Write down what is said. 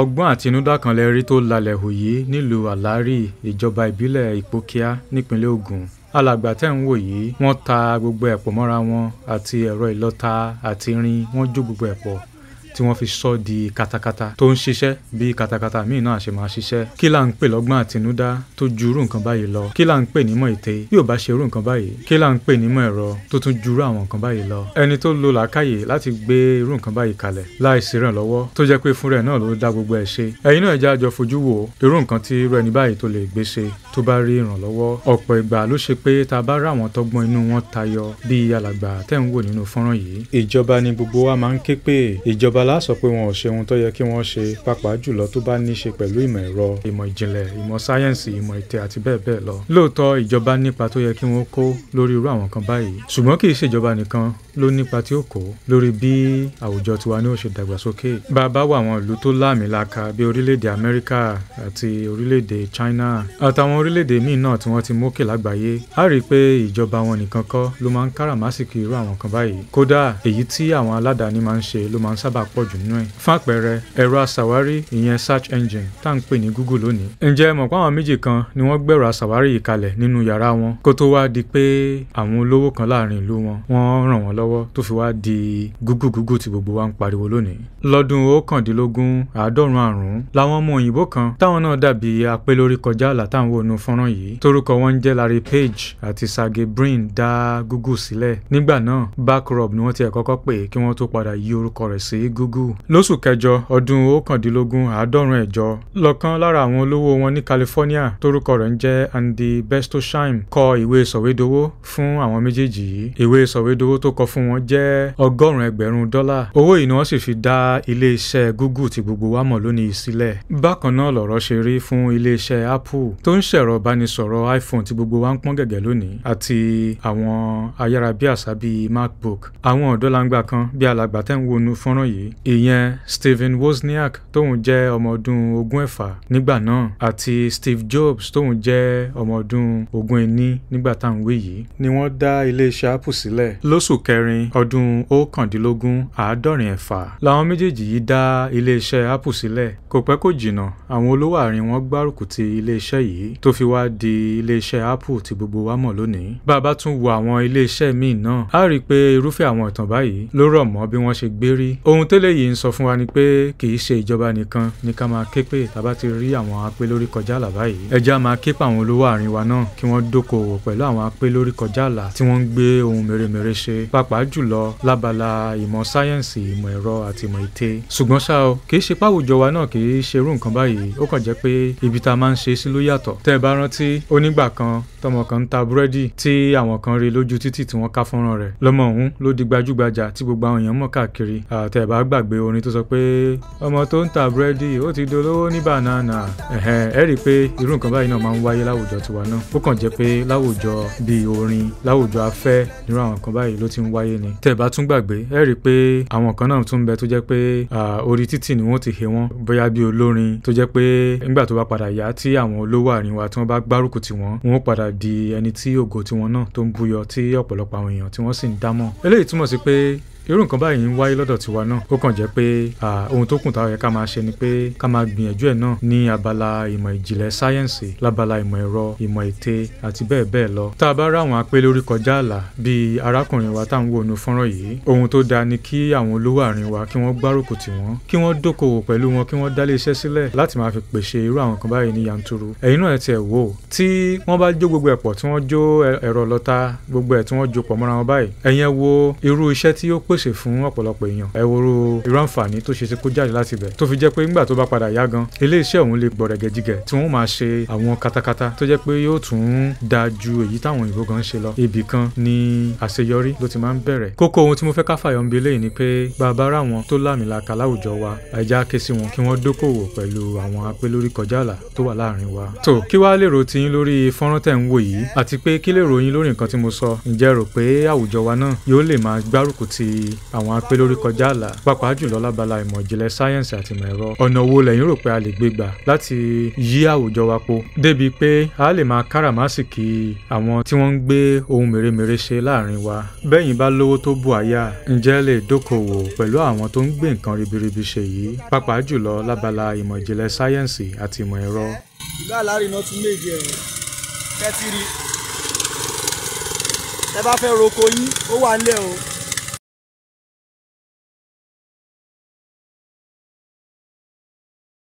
ọgbọ́n àtinúdá kan lẹ rí tó lalẹ̀ hù yìí nílùú àlárí ìjọba ìbílẹ̀ ìpókíà nípínlẹ̀ Ògùn alàgbà tẹ́ ń wò yìí wọ́n ta gbogbo ẹ̀pọ̀ mọ́ra wọn àti ẹ̀rọ ìlọta àti irin wọ́n jó gbogbo ẹ̀pọ̀ tí wọ́n fi sọ di katakata tó ń ṣiṣẹ́ bí katakata míì náà ṣe máa ṣiṣẹ́ kí là ń pè lọ́gbọ́n àtinúdá tó ju irú nǹkan báyìí lọ kí là ń pè nímọ̀ ète bí ò bá ṣe irú nǹkan báyìí kí là ń pè nímọ̀ ẹ̀rọ tó tún ju irú àwọn nǹkan báyìí lọ ẹni tó lo làákàyè láti gbé irú nǹkan báyìí kalẹ̀ láìsí ìrànlọ́wọ́ tó jẹ́ pé fúnra ẹ̀ náà ló dá gbogbo ẹ̀ ṣe ẹ̀yin náà ẹja wo irú nǹkan tí irú ẹni báyìí tó lè gbé ṣe tó bá rí ìrànlọ́wọ́ ọ̀pọ̀ ìgbà ló ṣe pé ta bá rà wọ́n tọ́gbọ́n inú wọn tayọ bíi alàgbà tẹ́ ń wò nínú fọ́nrán yìí ìjọba ni gbogbo wa máa ń ké pé ìjọba wa la sọ pé wọn ò ṣe ohun tó yẹ kí wọ́n ṣe pàápàá jùlọ tó bá ní í ṣe pẹ̀lú ìmọ̀ ẹ̀rọ ìmọ̀ ìjìnlẹ̀ ìmọ̀ sáyẹ́ǹsì ìmọ̀ ètè àti bẹ́ẹ̀ bẹ́ẹ̀ lọ. lóòótọ́ ìjọba nípa tó yẹ kí wọ́n kó lórí irú àwọn kan báyìí ṣùgbọ́n kì í ṣèjọba nìkan ló nípa tí ó kó lórí bí àwùjọ tiwa ní ó ṣe dàgbàsókè. bá wà àwọn ìlú tó láàmìlaka bíi orílẹ̀-èdè Amẹ́ríkà àti orílẹ̀-èdè China àtàwọn orílẹ̀-èdè míì náà tí wọ́n ti mókè lágbàáyé a rí i pé ìjọba wọn nìkan kọ́ ló máa ń káràmásìkì irú àwọn kan báyìí kódà èyí tí àwọn aládàáni máa ń ṣe ló máa ń sábà pọ̀jù nínú ẹ̀. fún àpẹẹrẹ ẹ̀rọ aṣàwárí ìyẹn search engine tá à ń pè ní Google lónìí. ǹjẹ́ mọ̀ pé àwọn méjì kan ni wọ́n gbẹ̀rọ aṣàwárí yìí kalẹ̀ nínú yàrá wọn kó tó wá di pé àwọn olówó kan láàrin ìlú wọn wọ́n ràn wọ́n lọ́wọ́ tó fi wá di Google Google tí gbogbo wa ń pariwo lónìí. lọ́dún ọ̀kàndínlógún àádọ́rùn àrùn làwọn ọmọ òyìnbó kan táwọn náà dàbí apé kọjá àlà táwọn wò fọ́nrán yìí torúkọ wọn ń jẹ́ Larry Page àti Sergey Brin dá Google sílẹ̀ nígbà náà backrub ni wọ́n ti ẹ̀ kọ́kọ́ pè kí wọ́n tó padà yí orúkọ rẹ̀ sí Google Egungun lóṣù kẹjọ ọdún ọ̀kàndínlógún àádọ́rùn-ún ẹ̀jọ lọ́kàn lára àwọn olówó wọn ní California torúkọ rẹ̀ ń jẹ́ Andy Bechtolsheim kọ ìwé sọ̀wédowó fún àwọn méjèèjì yìí ìwé sọ̀wédowó tó kọ fún wọn jẹ́ ọgọ́rùn-ún ẹgbẹ̀rún dọ́là owó yìí ni wọ́n sì fi dá iléeṣẹ́ Google tí gbogbo wa mọ̀ lónìí sílẹ̀ bákan náà lọ̀rọ̀ ṣe rí fún iléeṣẹ́ Apple tó ń ṣẹ̀rọ ìbánisọ̀rọ̀ iPhone tí gbogbo wa ń pọ́n gẹ̀gẹ̀ lónìí àti àwọn ayárabíàṣá bíi MacBook àwọn ọ̀dọ́langba kan bí alàgbà tẹ́ ń wọnú fọ́nrán yìí ìyẹn Stephen Wozniak tóun jẹ́ ọmọ ọdún ogún ẹ̀fà nígbà náà àti Steve Jobs tóun jẹ́ ọmọ ọdún ogún ẹni nígbà táwọn wí yìí ni wọ́n dá iléeṣẹ́ Apple sílẹ̀ lóṣù kẹrin ọdún ókàndínlógún àádọ́rin ẹ̀fà làwọn méjèèjì yìí dá iléeṣẹ́ Apple sílẹ̀ kò pẹ́ kò jìnnà àwọn olówó wọn gbárùkù ti iléeṣẹ́ yìí tó fi wá di iléeṣẹ́ Apple tí gbogbo wa mọ̀ lónìí bá a bá tún wo àwọn iléeṣẹ́ míì náà a rí i pé irúfẹ́ àwọn ìtàn báyìí ló rọ̀ mọ́ bí wọ́n ṣe gbé rí ohun tó eléyìí ń sọ fún wa ni pé kì í ṣe ìjọba nìkan ni ká máa ké pé tá bá ti rí àwọn apé lórí kọjá àlà báyìí ẹ máa ké pa àwọn olówó àárín wa náà kí wọ́n dókòwò pẹ̀lú àwọn apé lórí kọjá àlà tí wọ́n ń gbé ohun mèremère ṣe pàápàá jùlọ lábala ìmọ̀ sáyẹ́ǹsì ìmọ̀ ẹ̀rọ àti ìmọ̀ ète ṣùgbọ́n ṣá o kì í ṣe páwùjọ wa náà kì í ṣe irú nǹkan báyìí ó kàn jẹ́ pé ibi tá máa ń ṣe sí ló yàtọ̀ tẹ́ ẹ bá rántí onígbà kan tọmọ kan ń ta búrẹ́dì tí àwọn kan rí lójú títì tí wọ́n ká fọ́nrán rẹ̀ lọ́mọ òun ló di gbajúgbajà tí gbogbo àwọn èèyàn mọ̀ káàkiri àtẹ̀bá gbàgbé orin tó sọ pé ọmọ tó ń ta búrẹ́dì ó ti dolówó ní bànánà ẹ rí i pé irú nǹkan báyìí náà máa ń wáyé láwùjọ tiwa náà ó kàn jẹ́ pé láwùjọ bíi orin láwùjọ afẹ́ irú àwọn nǹkan báyìí ló ti ń wáyé ni tẹ́ bá tún gbàgbé ẹ rí i pé àwọn kan náà tún ń bẹ tó jẹ́ pé orí títì ni wọ́n ti he wọ́n bóyá bíi olórin tó jẹ́ pé nígbà tó bá padà yá tí àwọn olówó àárín irú nǹkan báyìí ń wáyé lọ́dọ̀ tiwa náà ó kàn jẹ́ pé ohun tó kù tá a ká máa ṣe ni pé ká máa gbìyànjú ẹ̀ náà ní abala ìmọ̀ ìjìnlẹ̀ sáyẹ́ǹsì lábala ìmọ̀ ẹ̀rọ ìmọ̀ ète àti bẹ́ẹ̀ bẹ́ẹ̀ lọ tá a bá rá àwọn apé lórí kọjá àlà bíi arákùnrin wa tá à ń wo inú fọ́nrán yìí ohun tó dáa ni kí àwọn olówó àárín wa kí wọ́n gbárùkù tì wọ́n kí wọ́n dókòwò pẹ̀lú wo irú iṣẹ́ tí pèsè fún ọ̀pọ̀lọpọ̀ èèyàn ẹ woro irú àǹfààní tó ṣe ṣe kó jáde láti ibẹ̀ tó fi jẹ́ pé nígbà tó bá padà yá gan ilé òun lè gbọ́ rẹ̀gẹ̀dígẹ̀ tí wọ́n máa ṣe àwọn katakata tó jẹ́ pé yóò tún da ju èyí táwọn òyìnbó gan ṣe lọ ibì kan ni àṣeyọrí ló ti máa ń bẹ̀rẹ̀ kókó ohun tí mo fẹ́ ká fàyọ ń bi eléyìí ni pé bàbá ra wọn tó láàmìlaka láwùjọ wa ẹja ké sí wọn kí wọ́n dókòwò pẹ̀lú àwọn apélórí kọjá àlà tó wà láàrin wa. tó kí wàá lérò tiyín lórí fọ́nrán tẹ̀ ń wò yìí àti pé kí lèrò yín lórí nǹkan tí mo sọ ǹjẹ́ rò pé àwùjọ wa náà yóò lè máa gbárùkù ti àwọn apélórí kọjá àlà pàápàá jùlọ lábala ìmọ̀ ìjìnlẹ̀ sáyẹ́ǹsì àti ìmọ̀ ẹ̀rọ ọ̀nà wo lẹ́yìn rò pé a lè gbé gbà láti yí àwùjọ wa po débi pé a lè máa káràmásìkì àwọn tí wọ́n ń gbé ohun mèremère ṣe láàrin wa bẹ́yìn bá lówó tó bù àyà ǹjẹ́ lè dókòwò pẹ̀lú àwọn tó ń gbé nǹkan ribiribi ṣe yìí pàápàá jùlọ lábala ìmọ̀ ìjìnlẹ̀ ẹ bá fẹ́ roko yín ó wà nílẹ̀ o.